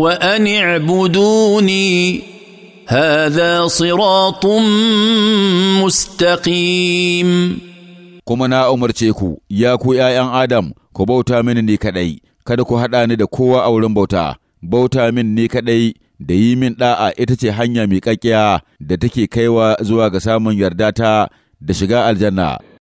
وان اعبدوني هذا صراط مستقيم kuma na umarce ku ya ku ’ya'yan Adam ku bauta mini ni kaɗai, kada ku haɗa ni da kowa a wurin bauta, bauta min ni kaɗai da yi min ɗa'a ita ce hanya miƙaƙƙiya da take kaiwa zuwa ga samun yarda ta da shiga aljanna.